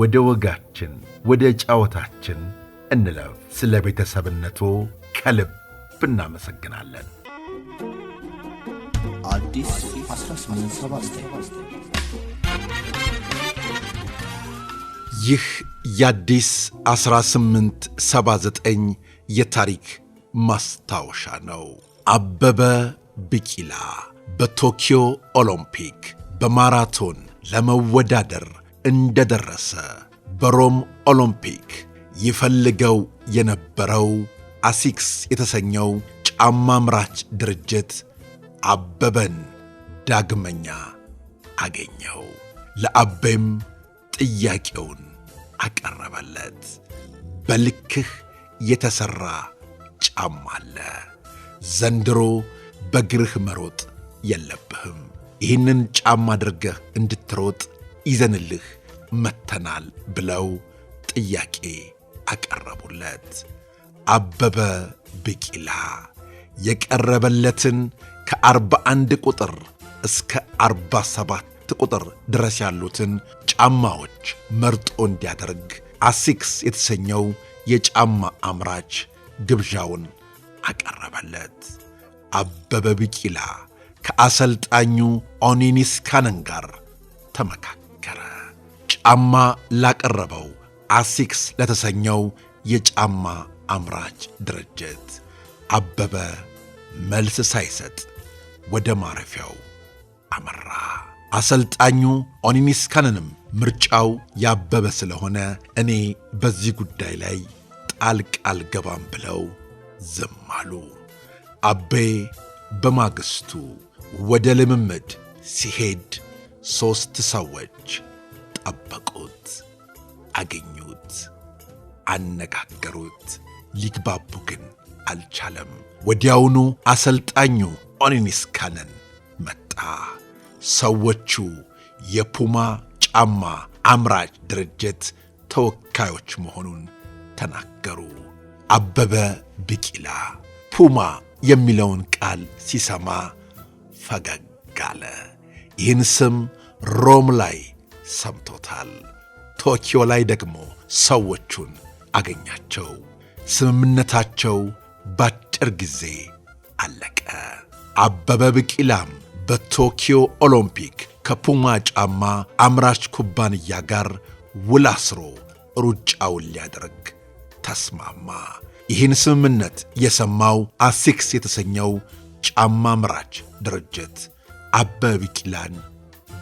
ወደ ወጋችን ወደ ጫወታችን እንለፍ። ስለ ቤተሰብነቱ ከልብ እናመሰግናለን። ይህ የአዲስ 1879 የታሪክ ማስታወሻ ነው። አበበ ቢቂላ በቶኪዮ ኦሎምፒክ በማራቶን ለመወዳደር እንደደረሰ በሮም ኦሎምፒክ ይፈልገው የነበረው አሲክስ የተሰኘው ጫማ አምራች ድርጅት አበበን ዳግመኛ አገኘው። ለአቤም ጥያቄውን አቀረበለት። በልክህ የተሠራ ጫማ አለ። ዘንድሮ በግርህ መሮጥ የለብህም። ይህንን ጫማ አድርገህ እንድትሮጥ ይዘንልህ መተናል ብለው ጥያቄ አቀረቡለት። አበበ ቢቂላ የቀረበለትን ከ41 ቁጥር እስከ 47 ቁጥር ድረስ ያሉትን ጫማዎች መርጦ እንዲያደርግ አሲክስ የተሰኘው የጫማ አምራች ግብዣውን አቀረበለት። አበበ ቢቂላ ከአሰልጣኙ ካነን ጋር ተመካከለ። ተቸገረ። ጫማ ላቀረበው አሲክስ ለተሰኘው የጫማ አምራች ድርጅት አበበ መልስ ሳይሰጥ ወደ ማረፊያው አመራ። አሰልጣኙ ኦኒኒስካንንም ምርጫው ያበበ ስለሆነ እኔ በዚህ ጉዳይ ላይ ጣልቃ አልገባም ብለው ዝም አሉ። አቤ በማግስቱ ወደ ልምምድ ሲሄድ ሦስት ሰዎች ጠበቁት፣ አገኙት፣ አነጋገሩት። ሊግባቡ ግን አልቻለም። ወዲያውኑ አሰልጣኙ ኦኒኒስካነን መጣ። ሰዎቹ የፑማ ጫማ አምራች ድርጅት ተወካዮች መሆኑን ተናገሩ። አበበ ቢቂላ ፑማ የሚለውን ቃል ሲሰማ ፈገግ አለ። ይህን ስም ሮም ላይ ሰምቶታል። ቶኪዮ ላይ ደግሞ ሰዎቹን አገኛቸው። ስምምነታቸው ባጭር ጊዜ አለቀ። አበበ ቢቂላም በቶኪዮ ኦሎምፒክ ከፑማ ጫማ አምራች ኩባንያ ጋር ውል አስሮ ሩጫውን ሊያደርግ ተስማማ። ይህን ስምምነት የሰማው አሲክስ የተሰኘው ጫማ አምራች ድርጅት አበበ ቢቂላን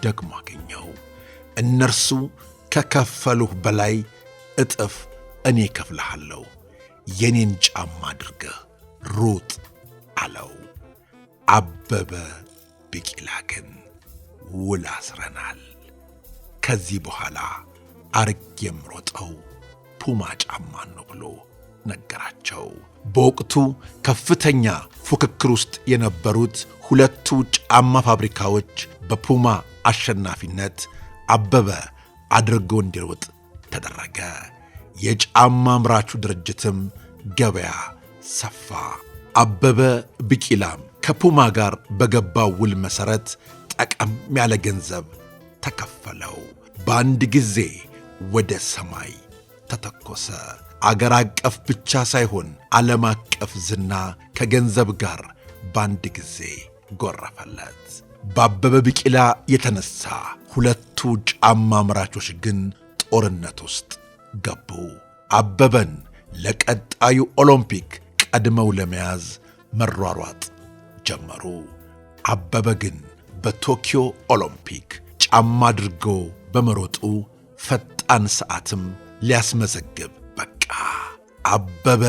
ደግሞ አገኘው። እነርሱ ከከፈሉህ በላይ እጥፍ እኔ ከፍልሃለሁ፣ የኔን ጫማ አድርገህ ሩጥ አለው። አበበ ቢቂላ ግን ውል አስረናል፣ ከዚህ በኋላ አርግ የምሮጠው ፑማ ጫማን ነው ብሎ ነገራቸው። በወቅቱ ከፍተኛ ፉክክር ውስጥ የነበሩት ሁለቱ ጫማ ፋብሪካዎች በፑማ አሸናፊነት አበበ አድርጎ እንዲሮጥ ተደረገ። የጫማ አምራቹ ድርጅትም ገበያ ሰፋ። አበበ ቢቂላም ከፑማ ጋር በገባው ውል መሠረት ጠቀም ያለ ገንዘብ ተከፈለው። በአንድ ጊዜ ወደ ሰማይ ተተኮሰ። አገር አቀፍ ብቻ ሳይሆን ዓለም አቀፍ ዝና ከገንዘብ ጋር በአንድ ጊዜ ጎረፈለት። በአበበ ቢቂላ የተነሳ ሁለቱ ጫማ አምራቾች ግን ጦርነት ውስጥ ገቡ። አበበን ለቀጣዩ ኦሎምፒክ ቀድመው ለመያዝ መሯሯጥ ጀመሩ። አበበ ግን በቶኪዮ ኦሎምፒክ ጫማ አድርጎ በመሮጡ ፈጣን ሰዓትም ሊያስመዘግብ አበበ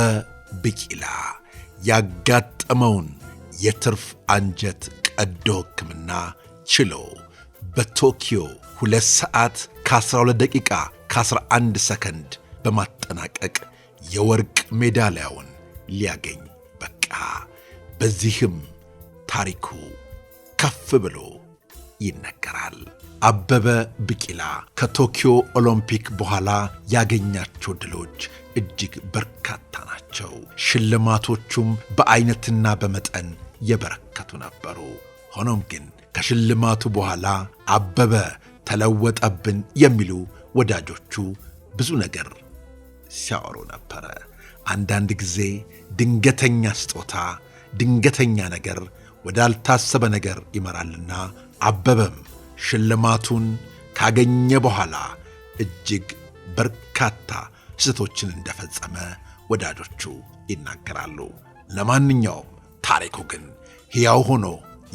ቢቂላ ያጋጠመውን የትርፍ አንጀት ቀዶ ሕክምና ችሎ በቶኪዮ ሁለት ሰዓት ከ12 ደቂቃ ከ11 ሰከንድ በማጠናቀቅ የወርቅ ሜዳሊያውን ሊያገኝ በቃ። በዚህም ታሪኩ ከፍ ብሎ ይነገራል። አበበ ቢቂላ ከቶኪዮ ኦሎምፒክ በኋላ ያገኛቸው ድሎች እጅግ በርካታ ናቸው። ሽልማቶቹም በአይነትና በመጠን የበረከቱ ነበሩ። ሆኖም ግን ከሽልማቱ በኋላ አበበ ተለወጠብን የሚሉ ወዳጆቹ ብዙ ነገር ሲያወሩ ነበረ። አንዳንድ ጊዜ ድንገተኛ ስጦታ፣ ድንገተኛ ነገር ወዳልታሰበ ነገር ይመራልና አበበም ሽልማቱን ካገኘ በኋላ እጅግ በርካታ ስህተቶችን እንደፈጸመ ወዳጆቹ ይናገራሉ። ለማንኛውም ታሪኩ ግን ሕያው ሆኖ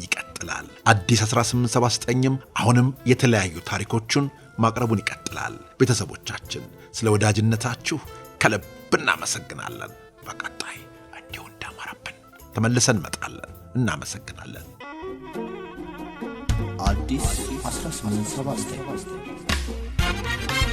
ይቀጥላል። አዲስ 1879ም አሁንም የተለያዩ ታሪኮቹን ማቅረቡን ይቀጥላል። ቤተሰቦቻችን ስለ ወዳጅነታችሁ ከልብ እናመሰግናለን። በቀጣይ እንዲሁ እንዳማረብን ተመልሰን እንመጣለን። እናመሰግናለን። አዲስ 1879